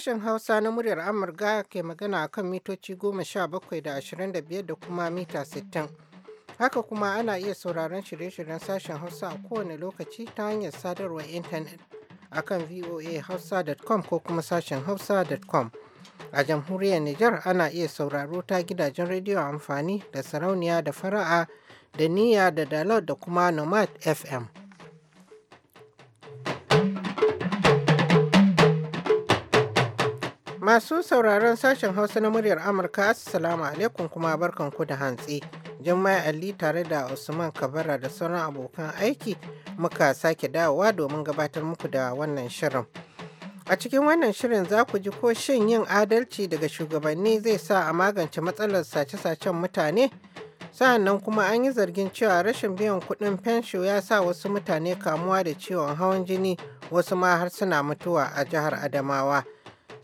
Sashen Hausa na muryar Amurka ke magana a kan mitoci goma sha bakwai da ashirin da biyar da kuma mita sittin. Haka kuma ana iya sauraron shirye-shiryen sashen Hausa a kowane lokaci ta hanyar sadarwar intanet a kan voahausa.com ko kuma sashen hausa.com. A jamhuriyar Nijar ana iya sauraro ta gidajen rediyo amfani da sarauniya da fara'a da niyya da dalar da kuma nomad FM. Masu sauraron sashen Hausa na muryar Amurka, Assalamu alaikum kuma barkanku da hantsi. Jummai Ali tare da Usman Kabara da sauran abokan aiki muka sake dawowa domin gabatar muku da wannan shirin. A cikin wannan shirin za ku ji ko shin yin adalci daga shugabanni zai sa a magance matsalar sace-sacen mutane? Sa'annan kuma an yi zargin cewa rashin biyan kuɗin fensho ya sa wasu mutane kamuwa da ciwon hawan jini wasu ma har suna mutuwa a jihar Adamawa.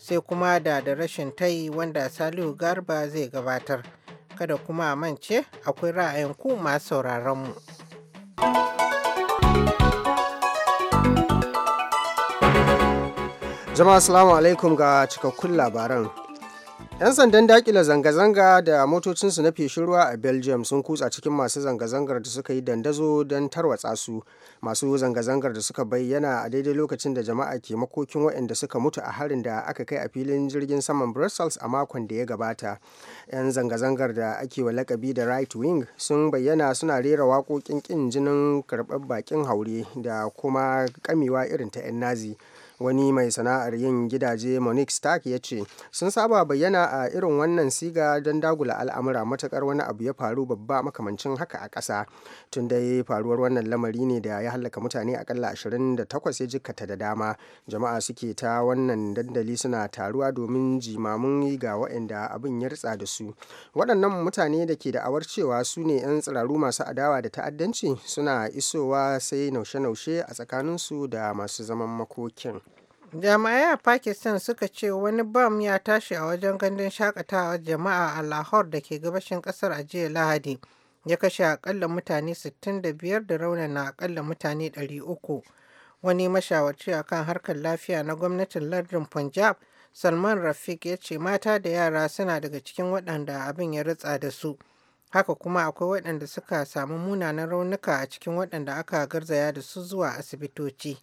sai kuma da da rashin tayi wanda Salihu Garba zai gabatar. Kada kuma a mance akwai ra'ayin ku masu sauraronmu. mu. Jama'a salamu alaikum ga cikakkun labaran. 'Yan sandan dakila zanga-zanga da motocinsu na feshin ruwa a Belgium sun kutsa cikin masu zanga-zangar da suka yi dandazo don tarwatsa su. Masu zanga-zangar da suka bayyana a daidai lokacin da jama'a ke makokin waɗanda suka mutu a harin da aka kai a filin jirgin saman Brussels a makon da ya gabata. 'Yan zanga-zangar da ake wa lakabi da right wing sun bayyana suna rera waƙoƙin ƙin jinin karɓar baƙin haure da kuma kamewa irin ta 'yan Nazi. wani mai sana'ar yin gidaje monique stark ya ce sun saba bayyana a irin wannan siga don dagula al'amura matukar wani abu ya faru babba makamancin haka a ƙasa tun dai faruwar wannan lamari ne da ya hallaka mutane akalla 28 ya jikata da dama jama'a suke ta wannan dandali suna taruwa domin jimamun ga waɗanda abin ya ritsa da su waɗannan mutane da ke da'awar cewa su ne 'yan tsiraru masu adawa da ta'addanci suna isowa sai naushe-naushe a tsakaninsu da masu zaman makokin Jami'ai a Pakistan suka ce wani bam ya tashi a wajen gandun shakatawa jama'a a Lahore da ke gabashin kasar a jiya Lahadi ya kashe akalla mutane 65 da raunana akalla mutane 300. Wani mashawarci a kan harkar lafiya na gwamnatin lardin Punjab, Salman Rafiq ya ce mata da yara suna daga cikin waɗanda abin ya ritsa da su. Haka kuma akwai waɗanda suka samu munanan raunuka a cikin waɗanda aka garzaya da su zuwa asibitoci.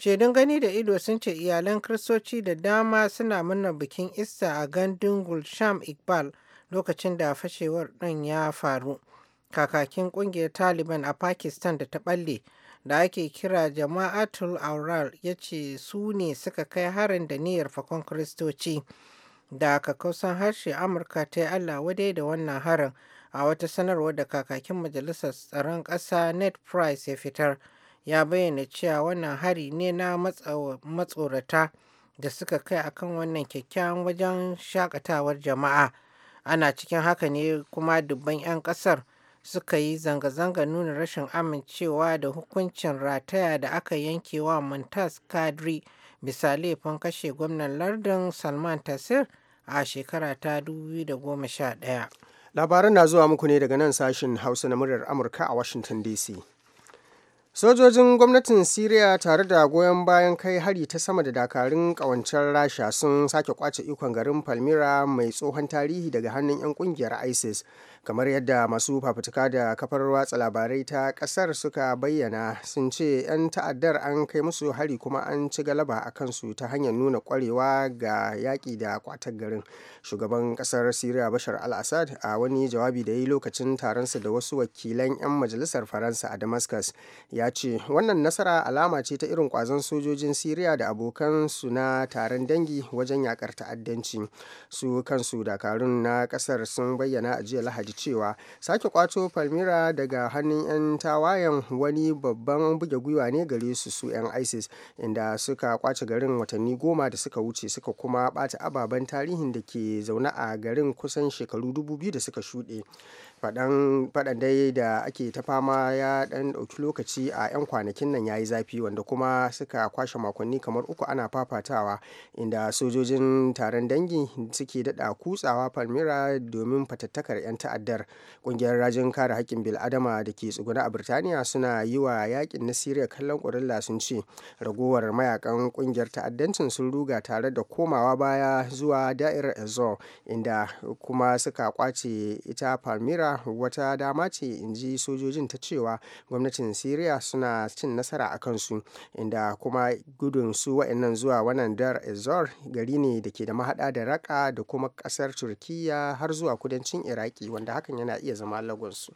Shaidun gani da ido sun ce iyalan kristoci da dama suna murnar bikin Ista a gandun Gulsham Iqbal lokacin da fashewar ɗan ya faru. Kakakin ƙungiyar Taliban a Pakistan da ta ɓalle da ake kira Jama'atul Aural ya ce su ne suka kai harin da niyyar fakon kristoci Da kakausan harshe Amurka ta yi Allah wadai da wannan harin a wata sanarwar da kakakin Majalisar Tsaron Ƙasa Ned Price ya fitar. ya bayyana cewa wannan hari ne na matsorata da suka kai akan wannan kyakkyawan wajen shakatawar jama'a ana cikin haka ne kuma dubban 'yan kasar suka yi zanga-zanga nuna rashin amincewa da hukuncin rataya da aka yanke wa Montas Kadri bisa laifin kashe gwamnan lardin Salman Tasir a shekara ta 2011. Labaran na zuwa muku ne daga nan sashin Hausa na muryar Amurka a Washington DC. Sojojin gwamnatin Siriya tare da goyon bayan kai hari ta sama da dakarun kawancen Rasha sun sake kwace ikon garin Palmyra mai tsohon tarihi daga hannun 'yan kungiyar ISIS. kamar yadda masu fafutuka da kafar watsa labarai ta kasar suka bayyana sun ce 'yan ta'addar an kai musu hari kuma an ci galaba a kansu ta hanyar nuna kwarewa ga yaƙi da kwatar garin shugaban kasar syria bashar al-assad a wani jawabi da ya yi lokacin taronsa da wasu wakilan 'yan majalisar faransa a damascus ya ce wannan nasara alama ce ta irin kwazon sojojin syria da abokansu na taron dangi wajen yakar ta'addanci su kansu dakarun na kasar sun bayyana a jiya lahadi da cewa sake kwato palmira daga hannun 'yan tawayen wani babban buge gwiwa ne gare su su 'yan isis inda suka kwace garin watanni goma da suka wuce suka kuma bata ababen tarihin da ke zaune a garin kusan shekaru dubu biyu da suka shuɗe faɗan dai da ake ta fama ya ɗan ɗauki lokaci a 'yan kwanakin nan ya yi zafi wanda kuma suka kwashe makonni kamar uku ana fafatawa inda sojojin taron dangi suke daɗa kutsawa palmira domin fatattakar 'yan ta'adda ta'addar ƙungiyar rajin kare haƙƙin bil'adama da ke tsuguna a birtaniya suna yi wa yakin na siriya kallon ƙurilla sun ce ragowar mayakan ƙungiyar ta'addancin sun ruga tare da komawa baya zuwa da'irar ezor inda kuma suka kwace ita palmira wata dama ce in ji sojojin ta cewa gwamnatin siriya suna cin nasara a kansu inda kuma gudun su wa'annan zuwa wannan dar ezor gari ne da ke da mahada da raka da kuma ƙasar turkiya har zuwa kudancin iraki wanda da hakan yana iya zama lagunsu.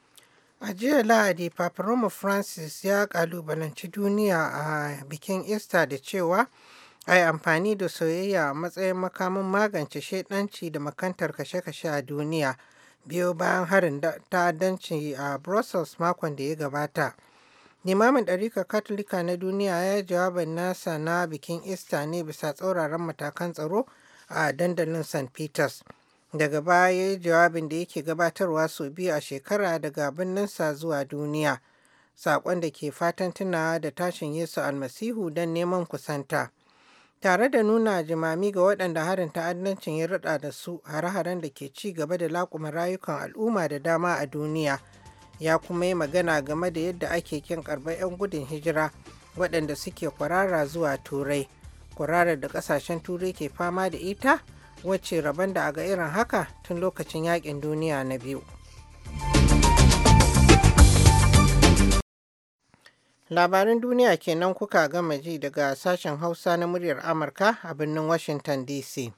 a jiya lahadi papa francis ya kalubalanci duniya a bikin easter da cewa a yi amfani da soyayya a matsayin makamin magance shaidanci da makantar kashe-kashe a duniya biyo bayan harin ta'addanci a brussels makon da ya gabata limamin ɗarika katolika na duniya ya jawabin nasa na bikin easter ne bisa tsauraran matakan tsaro a dandalin st peters daga baya ya yi jawabin da yake gabatarwa sau biyu a shekara daga birninsa zuwa duniya saƙon da ke fatan tunawa da tashin yesu almasihu don neman kusanta tare da nuna jimami ga waɗanda harin ta'addancin ya rada da su hare-haren da ke ci gaba da laƙuma rayukan al'umma da dama a duniya ya kuma yi magana game da yadda ake kin karɓar 'yan gudun hijira waɗanda suke kwarara zuwa turai kwararar da ƙasashen turai ke fama da ita wacce rabon da ga irin haka tun lokacin yakin duniya na biyu. Labarin duniya kenan kuka gama ji daga sashen Hausa na muryar Amurka a birnin Washington DC.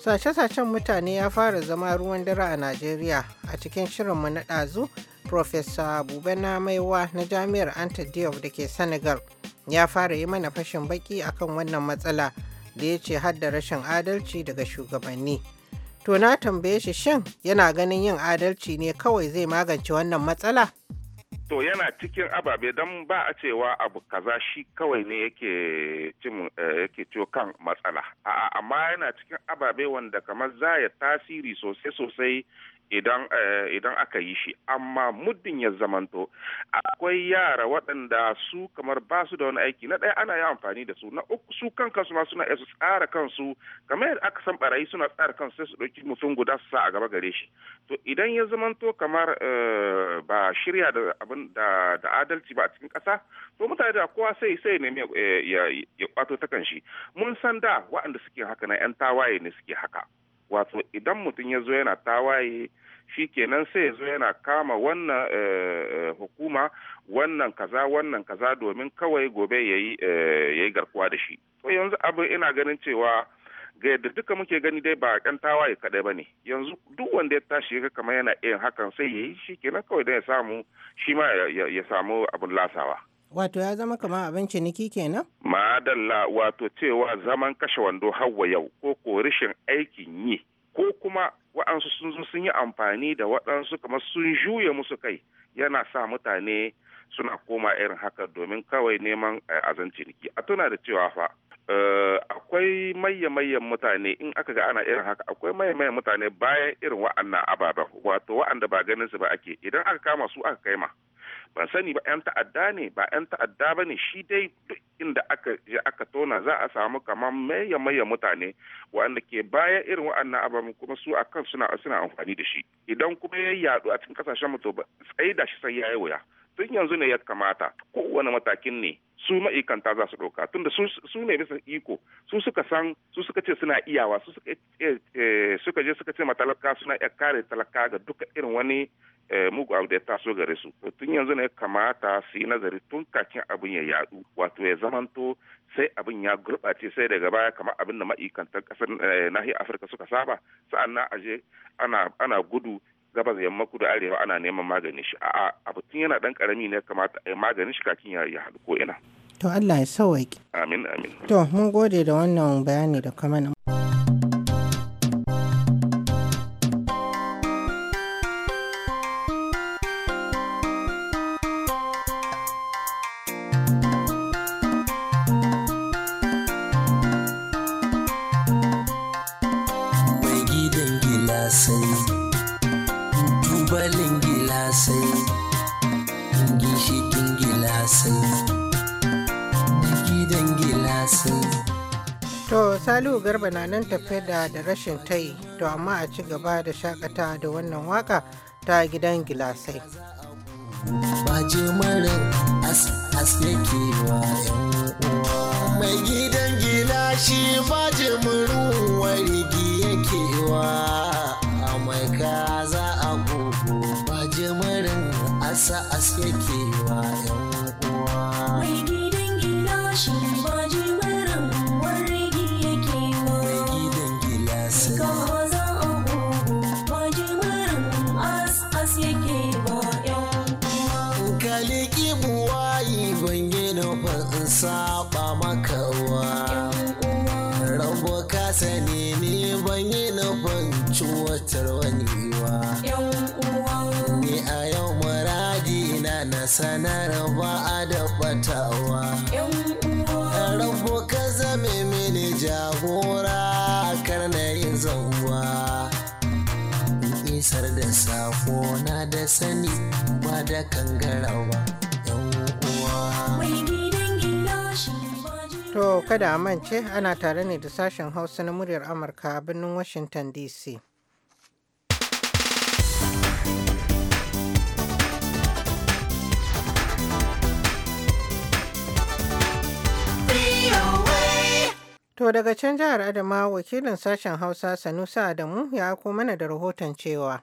Sace-sacen mutane ya fara zama ruwan dare a Najeriya a cikin shirinmu na ɗazu Profesa Bubena Maiwa na Jami'ar Anta Diop da ke Senegal ya fara yi mana fashin baki akan wannan matsala da ya ce da rashin adalci daga shugabanni. To na tambaye shi shin yana ganin yin adalci ne kawai zai magance wannan matsala? to yana cikin ababe don ba a cewa abu kaza shi kawai ne yake eh, yake ciwo kan matsala a'a amma yana cikin ababe wanda kamar za ya tasiri sosai sosai Eh, idan aka yi shi amma muddin ya zamanto akwai yara waɗanda su kamar ba su da wani aiki na ɗaya ana yi amfani da su na uku su kan kansu ma suna su tsara kansu kamar yadda aka san barayi suna tsara kansu sai su ɗauki mutum guda su sa a gaba gare shi to idan ya zamanto kamar eh, ba shirya da abin da adalci ba a cikin ƙasa to mutane da kowa sai sai ne ya kwato eh, ta kan shi mun san da waɗanda suke haka na 'yan tawaye ne suke haka wato idan mutum ya zo yana tawaye shi kenan sai ya zo yana kama wannan eh, eh, hukuma wannan kaza wannan kaza domin kawai gobe ya yi eh, garkuwa da shi to yanzu abin ina ganin cewa ga yadda duka muke gani dai ba kan tawaye kadai ba ne yanzu duk wanda ya tashi ga kamar yana yin hakan sai ya yi shi kenan kawai da ya samu shi ma ya samu abin lasawa Wato ya zama kamar abin ciniki kenan? Madalla wato cewa zaman kashe wando hawa yau ko ko rashin aikin yi ko kuma wa'ansu sun zo sun yi amfani da waɗansu kamar sun juya musu kai yana sa mutane suna koma irin haka domin kawai neman eh, azan ciniki. A tuna da cewa fa eh, akwai maye-mayen mutane in aka ga ana irin haka akwai maye-mayen mutane bayan irin wa'annan ababen wato wa'anda ba ganin su ba ake idan aka kama su aka kai ma. ban sani ba 'yan ta'adda ne ba 'yan ta'adda ba ne shi dai duk inda aka je aka tona za a samu kamar maye maye mutane wanda ke baya irin waɗannan ababen kuma su a kan suna suna amfani da shi idan kuma ya yaɗu a cikin kasashen mutu ba tsaye da shi sai ya yi wuya tun yanzu ne ya kamata kowane matakin ne su ma'aikanta za su ɗauka tunda su ne bisa iko su suka san su suka ce suna iyawa su suka eh, eh, je suka ce ma talaka suna iya kare talaka ga duka irin wani eh, mugu abu da ya taso gare su tun yanzu ne kamata su yi nazari tun kakin abin ya yadu wato ya zamanto sai abin ya gurɓace sai daga baya kamar abin da ma'aikantar ƙasar nahiyar afirka suka saba sa'an na aje ana gudu gabas yammaku da arewa ana neman maganin shi a'a abutun yana dan karami ne kamata a maganin shi kakin ya haɗu ko ina to Allah ya sauwaƙe amin amin to mun gode da wannan bayani da nan Tunanin na tafe da da rashin tayi to amma a ci gaba da shakata da wannan waka ta gidan gilasai. Mai gidan gilashi ba jimurin warigi yake wa a mai kaza a gogo ba jimurin asa as yake wa 'yan uwa. sanar ba a da batawa rabo ka zame mini jagora kar na yi zauwa isar da safona na da sani ba da kangarawa To kada a mance ana tare ne da sashen Hausa na muryar Amurka a birnin Washington DC. To daga can jihar Adamawa wakilin sashen Hausa Sanusa Adamu ya aiko mana da rahoton cewa.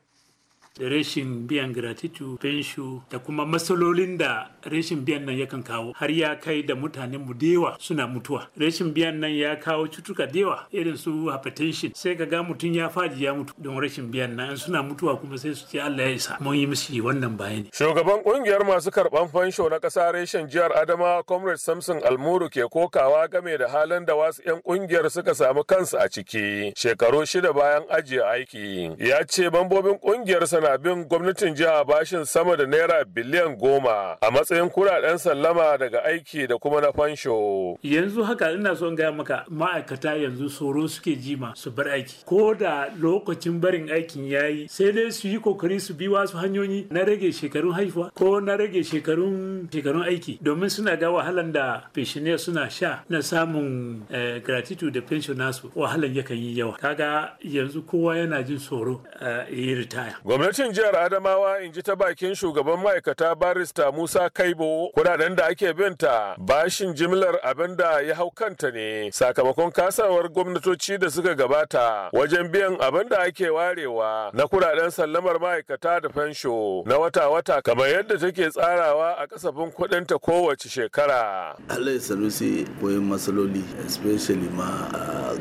rashin biyan gratitu fenshu da kuma matsalolin da rashin biyan nan yakan kawo har ya kai da mutanen mu dewa suna mutuwa rashin biyan nan ya kawo cutuka dewa irin su hypertension sai ka ga mutum ya faɗi ya mutu don rashin biyan nan suna mutuwa kuma sai su ce Allah ya isa mun yi musu wannan bayani shugaban kungiyar masu karban fansho na ƙasa reshen jihar Adama comrade Samson Almuru ke kokawa game da halin da wasu 'yan kungiyar suka samu kansu a ciki shekaru shida bayan ajiye aiki ya ce bambobin kungiyar sana ana bin gwamnatin jiha bashin sama da naira biliyan goma a matsayin kuɗaɗen sallama daga aiki da kuma na fansho. Yanzu haka ina son gaya maka ma'aikata yanzu soro suke jima su bar aiki. Ko da lokacin barin aikin ya yi sai dai su yi kokari su bi wasu hanyoyi na rage shekarun haifuwa ko na rage shekarun shekarun aiki domin suna ga wahalan da peshine suna sha na samun eh, gratitude da pension nasu wahalan yakan yi yawa. Kaga yanzu kowa yana jin soro eh, ya yi ritaya. Gwamnati Gwamnatin jihar Adamawa in ji ta bakin shugaban ma'aikata barista Musa Kaibo kudaden da ake binta bashin jimlar abin da ya hau kanta ne sakamakon kasawar gwamnatoci da suka gabata wajen biyan abin da ake warewa na kudaden sallamar ma'aikata da fensho na wata-wata kamar yadda take tsarawa a kasafin kudinta kowace shekara. Allah salusi koyin matsaloli especially ma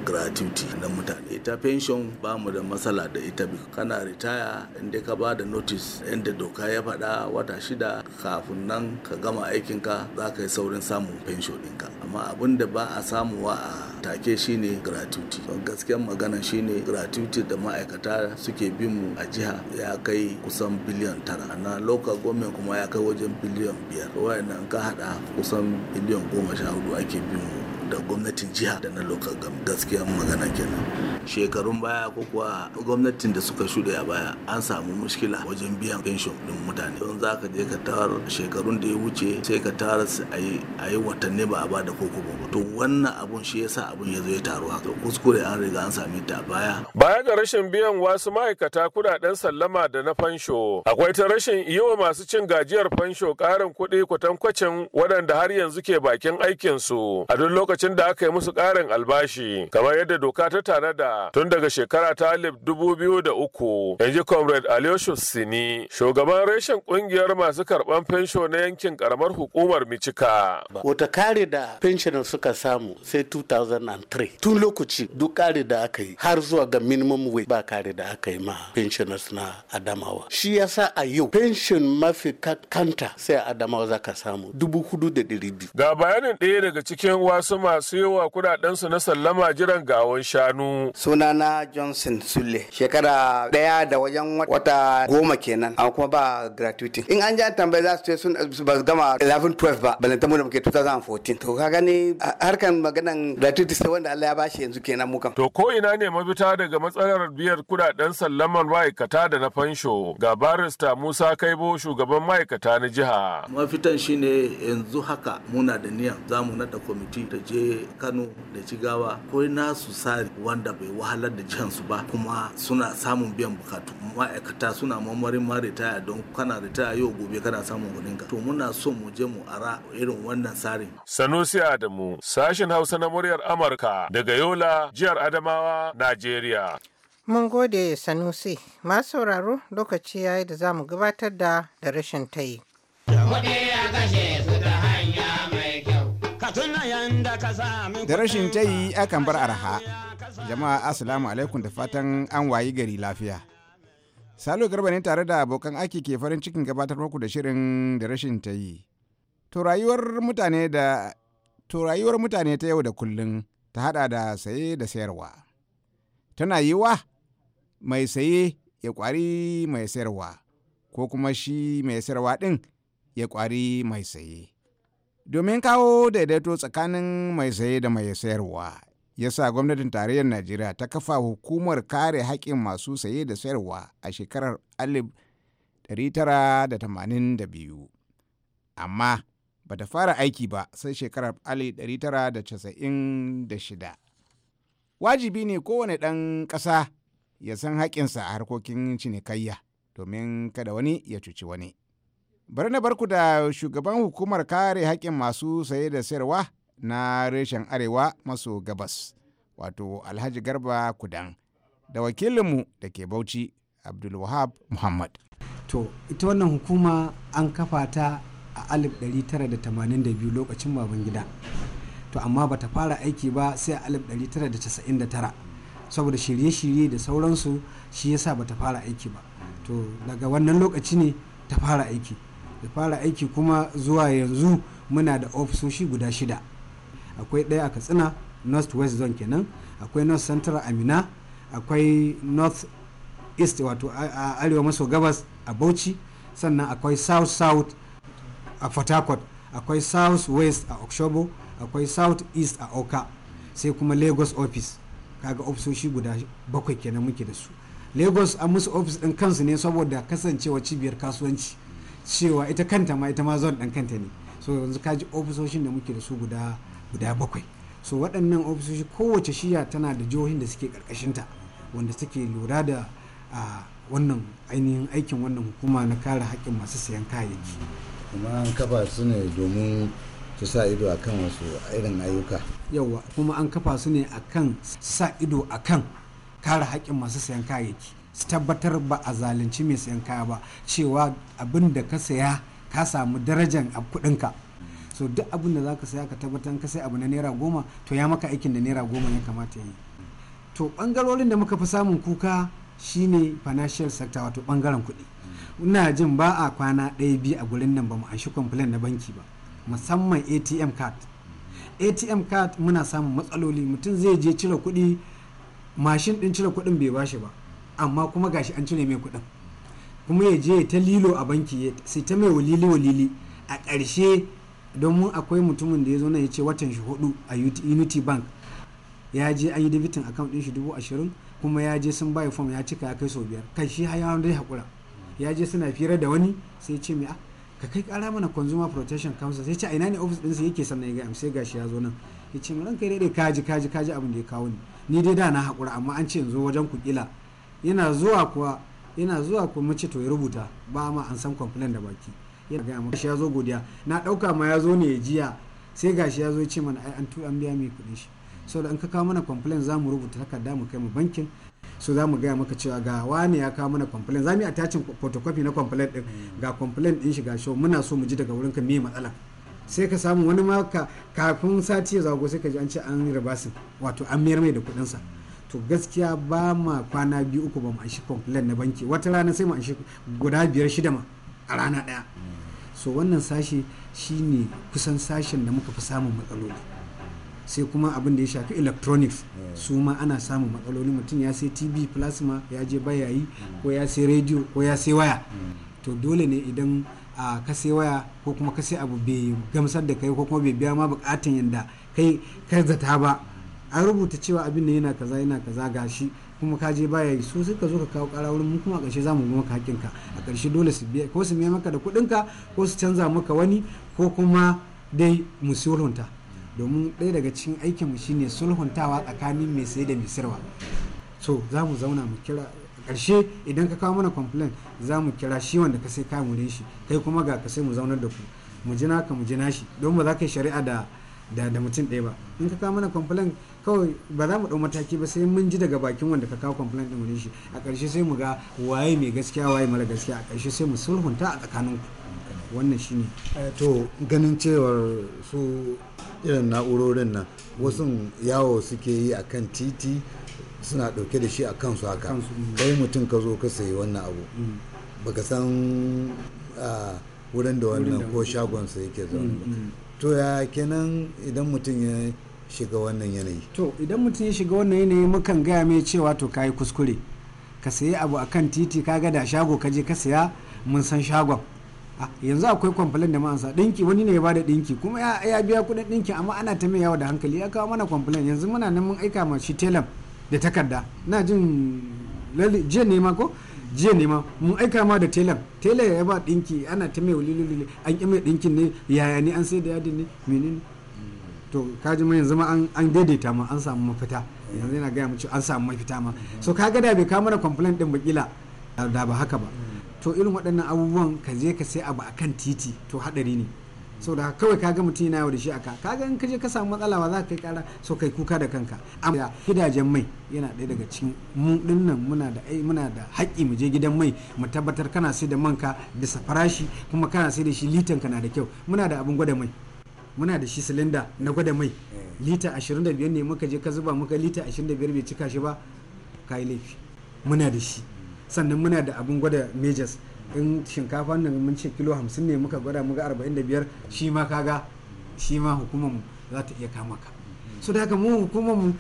gratuity na mutane. Ita pension ba mu da matsala da ita kana ritaya inda ka ba da notice yadda doka ya faɗa wata shida kafin nan ka gama aikinka za ka yi saurin samun pension ɗinka amma abin da ba a samuwa a take shine gratuity don gaskiyar magana shine gratuity da ma'aikata suke bin mu a jiha ya kai kusan biliyan tara na local government kuma ya kai wajen biliyan biyar wayannan ka hada kusan biliyan goma sha hudu ake bin mu da gwamnatin jiha da na local gaskiya magana kenan shekarun baya ko kuwa gwamnatin da suka shuɗe a baya an samu mushkila wajen biyan pension din mutane don za ka je ka tara shekarun da ya wuce sai ka tara su a yi watanni ba a ba da koko ba to wannan abun shi yasa abun ya zo ya taru haka kuskure an riga an sami ta baya baya ga rashin biyan wasu ma'aikata kudaden sallama da na fansho akwai ta rashin yi masu cin gajiyar fansho karin kuɗi kwatankwacin waɗanda har yanzu ke bakin aikinsu a duk lokacin lokacin da aka yi musu ƙarin albashi kamar yadda doka ta da tun daga shekara ta alif dubu biyu da uku in ji comrade aliyoshus Sini shugaban reshen ƙungiyar masu karɓan fensho na yankin karamar hukumar Micika. Wata kare da fenshonar suka samu sai 2003 tun lokaci duk kare da aka yi har zuwa ga minimum wage ba kare da aka yi ma pensioners na Adamawa. Shi yasa a yau fenshon mafi kanta sai Adamawa za ka samu dubu hudu da ɗari biyu. Ga bayanin ɗaya daga cikin wasu masu yawa kudadensu na sallama jiran gawon shanu. Sunana Johnson Sule shekara daya da wajen wata goma kenan amma kuma ba gratuity. In an ja tambayi za su ce sun ba su gama 11-12 ba balanta mu da muke 2014. To ka gani harkan maganan gratuity sai wanda Allah ya bashi yanzu kenan mukan. To ko ina ne mafita daga matsalar biyar kudaden sallaman ma'aikata da na fansho ga barista Musa Kaibo shugaban ma'aikata na jiha. Mafitan shine yanzu haka muna da niyan za mu naɗa kwamiti ta je je kano da cigawa ko na su sari wanda bai wahalar da su ba kuma suna samun biyan bukatu ma'aikata suna mamarin ma ritaya don kana ritaya yau gobe kana samun ka to muna so mu je mu ara irin wannan sarin. sanusi adamu sashen hausa na muryar amurka daga yola jihar adamawa najeriya. Mun gode Sanusi, masu sauraro lokaci yayi da za mu gabatar da da rashin tayi. Kuɗi da rashin tayi akan bar arha jama'a assalamu alaikum da fatan an wayi gari lafiya salo garba ne tare da abokan aiki ke farin cikin gabatar muku da shirin da rashin tayi to mutane to rayuwar mutane ta yau da kullun ta hada da saye da sayarwa tana yi wa mai saye ya kwari mai sayarwa ko kuma shi mai sayarwa din ya kwari mai saye domin kawo daidaito tsakanin mai saye da mai sayarwa ya sa gwamnatin tarayyar najeriya ta kafa hukumar kare haƙƙin masu saye da sayarwa a shekarar 1982 amma ba ta fara aiki ba sai shekarar 1996 wajibi ne kowane ɗan ƙasa ya san haƙƙinsa a harkokin cinikayya domin kada wani ya cuci wani bari na barku da shugaban hukumar kare haƙƙin masu saye da sayarwa na reshen arewa maso gabas wato alhaji garba kudan da wakilinmu da ke bauchi abdulwahab muhammad to ita wannan hukuma an kafa ta a 1982 lokacin babangida to amma ba ta fara aiki ba sai a 1999 saboda shirye-shirye da sauransu shi yasa ta fara aiki ba to daga wannan lokaci ne ta fara aiki da fara aiki kuma zuwa yanzu muna da ofisoshi guda shida akwai ɗaya a katsina north west zone kenan akwai north central amina akwai north east wato a arewa maso gabas a bauchi sannan akwai south south a port harcourt akwai south west a okshobo akwai south east a oka sai kuma lagos office kaga ofisoshi guda bakwai kenan muke da su lagos an musu ofis ɗin kansu ne saboda kasancewa cibiyar kasuwanci cewa ita kanta ma ita ma zon ɗan kanta ne so yanzu ji ofisoshin da muke da su guda guda bakwai so waɗannan ofisoshi kowace shiya tana da jihohin da suke ƙarƙashinta wanda suke lura da wannan ainihin aikin wannan hukuma na kare haƙƙin masu sayan kayayyaki kuma an kafa su ne domin su sa ido akan wasu irin ayyuka yawa kuma an kafa su ne akan sa ido akan kare haƙƙin masu sayan kayayyaki su tabbatar ba a zalunci mai sayan kaya ba cewa abin da ka saya ka samu darajan kuɗinka so duk abin da za ka saya ka tabbatar ka sai abu na naira goma to ya maka aikin da naira goma ya kamata yi to bangarorin da muka fi samun kuka shine financial sector wato bangaren kuɗi ina jin ba a kwana ɗaya biyu a gurin nan ba mu shi complain na banki ba musamman atm card atm card muna samun matsaloli mutum zai je cire kuɗi mashin ɗin cire kuɗin bai bashi ba amma kuma gashi an cire mai kuɗin kuma ya je ta lilo a banki sai ta mai walili walili a ƙarshe mun akwai mutumin da ya zo nan ya ce watan shi hudu a unity bank ya je an yi debitin account din shi dubu ashirin kuma ya je sun bayi form ya cika ya kai sau biyar kai shi ya dai hakura ya je suna fira da wani sai ce mai ah, ka kai kara mana consumer protection council sai ce a ina ne office ɗinsa yake sannan ya ga sai gashi ya zo nan ya ce mai kai dai kaji kaji kaji abin da ya kawo ni ni dai da na hakura amma an ce yanzu wajen ku kila yana zuwa kuwa yana zuwa kuwa mace to ya rubuta ba ma an san complain da baki yana gaya maka shi ya zo godiya na dauka ma ya zo ne jiya sai gashi ya zo ya ce mana ai an an biya mai kuɗin shi so da in ka kawo mana complain za mu rubuta takarda mu kai mu bankin so za mu gaya maka cewa ga wani ya kawo mana complain za mu yi attachin photocopy na complain din mm. ga complain din shi ga show muna so mu ji daga wurin wurinka me matsala sai ka samu wani ma kafin sati ya zago sai ka ji an ce an ribasin wato an mayar mai da kuɗin sa to gaskiya ba ma kwana biyu uku ba mu an shi complain na banki wata rana sai mu guda biyar shida ma a rana daya so wannan sashi ne kusan sashen da muka fi samun matsaloli sai kuma abin da ya shafi electronics eh. su ma ana samun matsaloli mutum ya sai tv plasma ya je bayayi ko ya sai radio ko ya sai waya hmm. to dole ne idan a ka sai waya ko kuma ka sai abu bai gamsar da kai ko kuma bai biya ma bukatan yadda kai ka zata ba an rubuta cewa abin da yana kaza yana kaza gashi kuma ka je baya yi so sai ka zo ka kawo kara wurin mu kuma a ƙarshe za mu bi maka ka a ƙarshe dole su biya ko su biya maka da kuɗin ka ko su canza maka wani ko kuma dai mu sulhunta domin ɗaya daga cikin aikin mu shine sulhuntawa tsakanin mai saye da mai sayarwa so za zauna mu kira ƙarshe idan ka kawo mana complain za mu kira shi wanda ka sai kayan wurin shi kai kuma ga ka sai mu zaunar da ku mu jina ka mu jina shi don ba za ka yi shari'a da da da mutum ɗaya ba in ka kawo mana complain kawai ba za mu ɗau mataki ba sai mun ji daga bakin wanda ka kawo complain ɗin wurin shi a ƙarshe sai mu ga waye mai gaskiya waye mara gaskiya a ƙarshe sai mu sulhunta a tsakanin ku wannan ne. Eh, to ganin cewar su irin na'urorin nan wasu yawo suke yi a kan titi suna ɗauke da shi a kansu haka mm. kai mutum ka zo ka sayi wannan abu mm. baka san ah, wurin da wannan ko shagonsa yake mm, zaune mm. to ya kenan idan mutum ya shiga wannan yanayi to idan mutum ya shiga wannan yanayi mukan gaya mai cewa to kayi kuskure ka sayi abu akan titi ka ga da shago ka je ka saya mun san shagon yanzu akwai kwamfalin da ma'ansa dinki wani ne ya bada dinki kuma ya biya kudin dinki amma ana ta mai yawa da hankali ya kawo mana kwamfalin yanzu muna nan mun aika ma shi telam da takarda na jin jiya ne ma ko jiya ne ma mun aika ma da telan telan ya ba dinki ana ta mai wulilili an ƙi mai dinkin ne yaya ne an sai da yadin ne menene to kaji ma yanzu ma an daidaita ma an samu mafita yanzu yana gaya mu an samu mafita ma so kaga da bai kawo mana complaint din bakila da ba haka ba to irin waɗannan abubuwan ka je ka sai abu akan titi to haɗari ne saboda kawai kaga mutum yana yau da shi aka kaga in ka ka samu matsala ba za ka kai kara so kai kuka da kanka amma gidajen mai yana ɗaya daga cikin mu dinnan muna da ai eh, muna da haƙƙi mu je gidan mai mu tabbatar kana sai da manka bisa farashi kuma kana sai da shi litan ka na da kyau muna da abin gwada mai muna da shi silinda na gwada mai lita 25 ne muka je ka zuba muka lita 25 bai cika shi ba kai laifi muna da shi sannan muna da abin gwada majors in shinkafa nan mun ce kilo hamsin ne muka gwada muga arba'in da biyar shi ma kaga shi ma hukumar mu za ta iya kama ka so da haka mu hukumar mu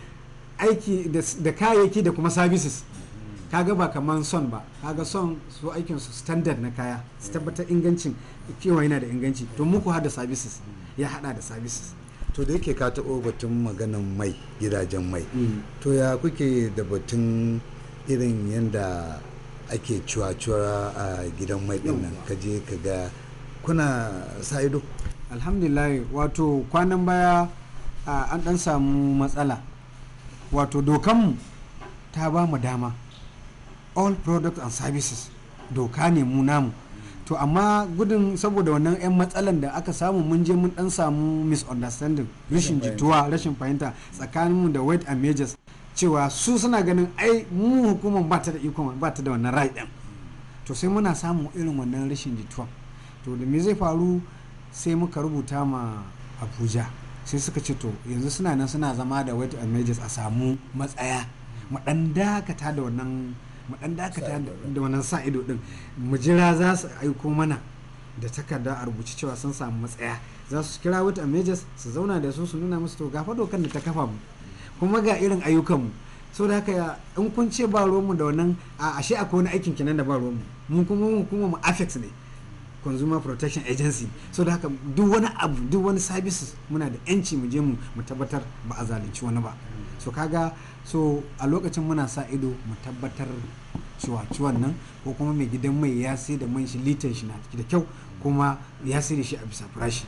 aiki da kayayyaki da kuma services kaga ba kaman son ba kaga son su aikin su standard na kaya su tabbatar ingancin kewa yana da inganci to muku hada services ya hada da services to da yake ka taɓo batun maganan mai gidajen mai mm. to ya kuke da batun irin yadda ake cuwa-cuwa a gidan mai ɗin nan ka je ka ga kuna sa ido alhamdulillah wato kwanan baya an ɗan samu matsala wato dokanmu ta ba mu dama all products and services doka ne mu namu to amma gudun saboda wannan 'yan matsalan da aka samu mun je mun dan samu misunderstanding rashin jituwa rashin fahimta tsakaninmu da weight and majors cewa su suna ganin ai mu hukumar ba ta da ikon ba ta da wannan rai din to sai muna samun irin wannan rashin jituwa to da me zai faru sai muka rubuta ma abuja sai suka ce to yanzu suna nan suna zama da wait and majors a samu matsaya mu dan dakata da wannan mu dan dakata da wannan sa ido din mu jira za su aiko mana da takarda a rubuci cewa sun samu matsaya za su kira wait and majors su zauna da su su nuna musu to gafa dokan da ta kafa mu kuma ga irin ayyukanmu so da haka in kun ce ba ruwanmu da wannan a ashe akwai wani aikin kenan da ba ruwanmu mun kuma kuma mu afex ne consumer protection agency so da haka duk wani abu duk wani services muna da yanci mu je mu tabbatar ba a zalunci wani ba so kaga so a lokacin muna sa ido mu tabbatar cewa ciwon nan ko kuma mai gidan mai ya sai da man shi litan shi na da kyau kuma ya sai da shi a bisa farashi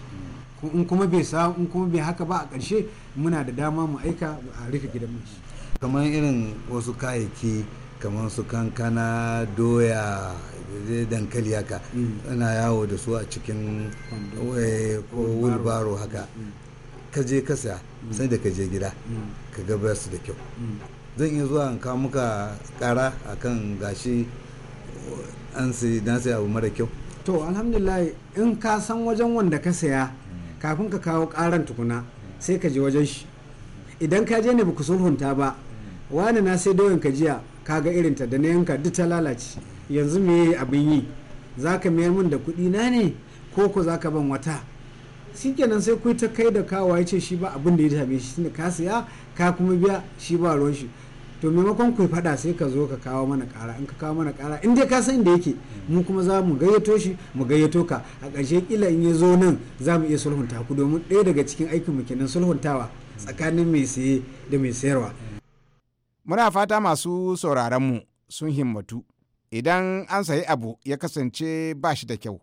in kuma bai sa in kuma bai haka ba a ƙarshe muna da dama mu aika a rufe gidan mu kamar irin wasu kayayyaki kamar su kankana doya dankali haka mm. ana yawo da su a cikin wulbaro eh, haka mm. ka je ka saya mm. sai da ka je gida ka gabar su da kyau zan iya zuwa ka muka kara akan gashi an sai sai abu mara kyau to alhamdulillah in ka san wajen wanda ka saya kafin ka kawo karan tukuna sai ka je wajen shi idan ka je ne ba ku sulhunta ba wani na sai doyon ka jiya ka ga irin ta da na yanka duk ta lalace yanzu me abin yi za ka mayar min da kuɗi na ne ko ko za ka ban wata shikenan sai ku ta kai da kawo ya ce shi ba abin da ya tabe shi tunda ka siya ka kuma biya shi ba ruwan shi to maimakon ku faɗa sai ka zo ka kawo mana ƙara in ka kawo mana ƙara in dai ka san da yake mu kuma za mu gayyato shi mu gayyato ka a ƙarshe kila in ya zo nan za mu iya sulhunta ku domin ɗaya daga cikin aikin mu kenan sulhuntawa tsakanin mai saye da mai sayarwa. muna fata masu sauraron mu sun himmatu idan an sayi abu ya kasance ba shi da kyau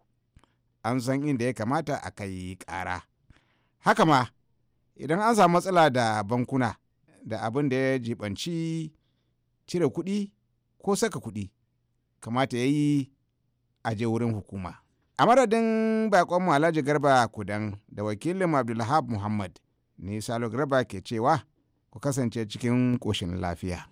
an san inda ya kamata a kai ƙara haka ma idan an samu matsala da bankuna da abin da ya jibanci cire kuɗi ko saka kuɗi kamata ya yi a je wurin hukuma. A madadin baƙonmu Alhaji Garba Kudan da wakilin Abdulhab Muhammad ne Salo Garba ke cewa ku kasance cikin ƙoshin lafiya.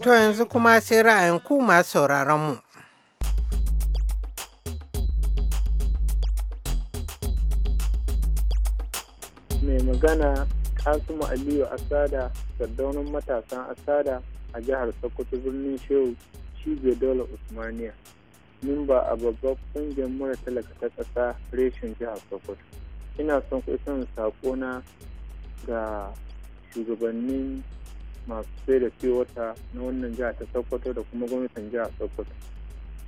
To yanzu kuma sai ra'ayin ku masu sauraron mu. mai magana kasimu aliyu asada sardaunin matasan asada a jihar sokoto birnin shehu cibiyar dole usmaniya mimba a babban kungiyar mara talaka ta ƙasa reshen jihar sokoto ina son ku isan na ga shugabannin masu sai da wata na wannan jihar ta sokoto da kuma gwamnatin jihar sokoto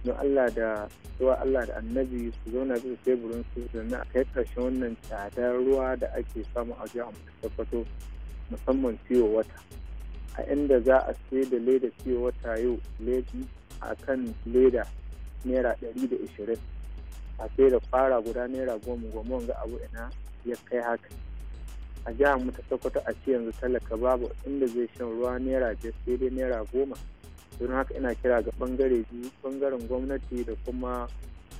don Allah da ruwa Allah da annabi su zauna bisa teburin su sannan a kai ƙarshen wannan tsadar ruwa da ake samu a jiya mu tabbato musamman fiye wata a inda za a sai da leda fiye wata yau ledi a kan leda naira ɗari da ishirin a sai da fara guda naira goma goma wanga abu ina ya kai haka a jihar mu ta a ce yanzu talaka babu inda zai shan ruwa naira biyar sai dai naira goma don haka ina kira ga bangare biyu bangaren gwamnati da kuma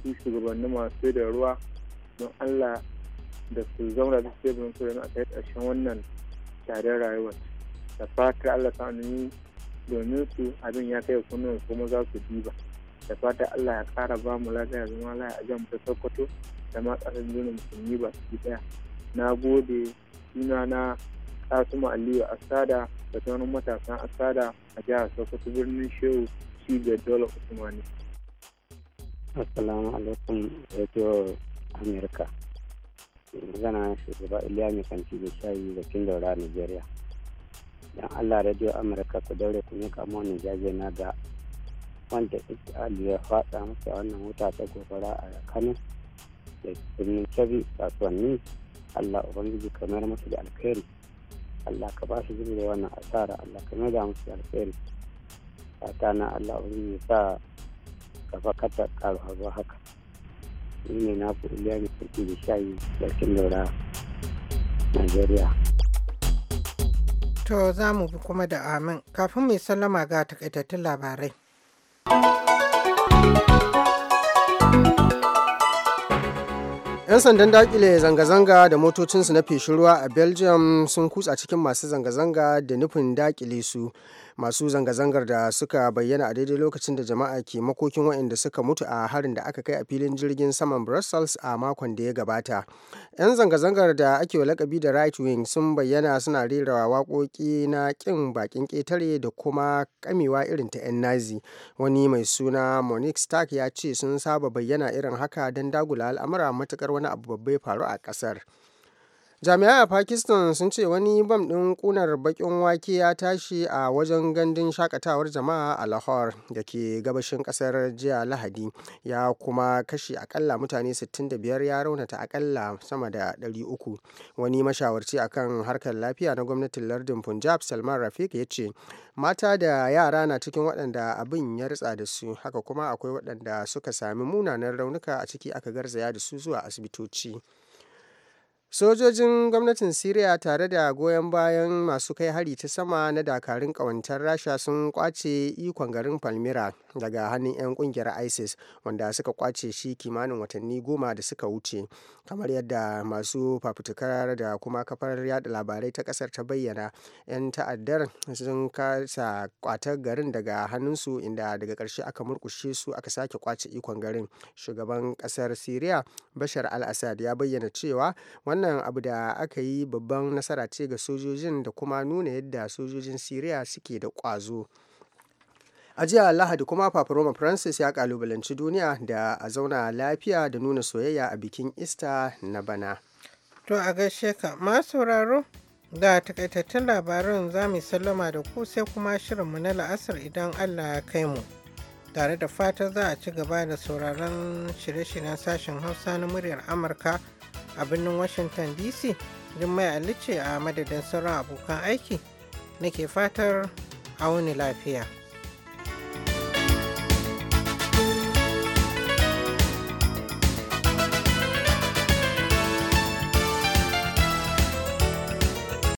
su shugabanni masu da ruwa don allah da su zauna da teburin su don a kai ƙarshen wannan tare rayuwa da fatar allah ta anuni domin su abin ya kai kunnuwan kuma za su diba da fata allah ya kara ba mu lafiya zama laya a jan ta sokoto da ma ƙasar musulmi ba su daya na gode suna na. Fatima Aliyu Asada da sauran matasan Asada a jihar Sokoto birnin Shehu Cibiyar dole Usmani. Assalamu alaikum Radio Amerika. Magana shugaba Iliya mai kanti da shayi da kin daura Nigeria. Dan Allah Radio america ku daure ku mika mu jaje na ga wanda Ali ya faɗa masa wannan wuta ta gobara a Kano da birnin Kebbi kasuwanni Allah Ubangiji kamar musu da alkhairi. Allah ka ba su zubi da wannan asara Allah ka maida musu alheri fata na Allah wani ya sa gaba kata karu hazo haka ni ne na ku iliya ne sarki da shayi sarkin daura Najeriya. To za mu bi kuma da amin kafin mai sallama ga takaitattun labarai. 'Yan sandan dakile zanga-zanga da motocinsu na feshin ruwa a Belgium sun kutsa cikin masu zanga-zanga da nufin dakile su. masu zanga-zangar da suka bayyana a daidai lokacin da jama'a ke makokin waɗanda suka mutu a harin da aka kai a filin jirgin saman brussels a makon da ya gabata yan zanga-zangar da ake wa lakabi da right wing sun bayyana suna rera waƙoƙi na ƙin bakin ƙetare da kuma kamewa irin ta 'yan nazi wani mai suna monique stark ya ce sun saba bayyana irin haka don dagula al'amura matukar wani abu babba babbai faru a ƙasar. jami'ai a pakistan sun ce wani bam ɗin ƙunar baƙin wake ya tashi a wajen gandun shakatawar jama'a a lahore da ke gabashin ƙasar jiya lahadi ya kuma kashe akalla mutane 65 ya raunata akalla sama da 300 wani mashawarci akan harkar lafiya na gwamnatin lardin punjab salman rafiq ya ce mata da yara na cikin waɗanda abin ya ritsa da su haka kuma akwai waɗanda suka sami munanan raunuka a ciki aka garzaya da su zuwa asibitoci Sojojin gwamnatin Siriya tare da goyon bayan masu kai hari ta sama na dakarun kawantar Rasha sun kwace ikon garin Palmira daga hannun 'yan kungiyar ISIS wanda suka kwace shi kimanin watanni goma da suka wuce, kamar yadda masu fafutukar da kuma kafar yada labarai ta ƙasar ta bayyana, 'yan ta'addar sun kasa ƙwatar garin daga hannunsu inda daga ƙarshe aka murkushe su aka sake kwace ikon garin. Shugaban ƙasar Siriya Bashar al-Assad ya bayyana cewa wannan abu da aka yi babban nasara ce ga sojojin da kuma nuna yadda sojojin syria suke da ƙwazo a jiya lahadi kuma papa roma francis ya kalubalanci duniya da a zauna lafiya da nuna soyayya a bikin ista na bana to a gaishe ka ma sauraro da takaitattun labarin za mu sallama da ku sai kuma shirin mu na la'asar idan allah ya kai mu tare da fata za a ci gaba da sauraron shirye-shiryen sashen hausa na muryar amurka a birnin washington dc jummai alice a madadin sauran abokan aiki nake fatar auni lafiya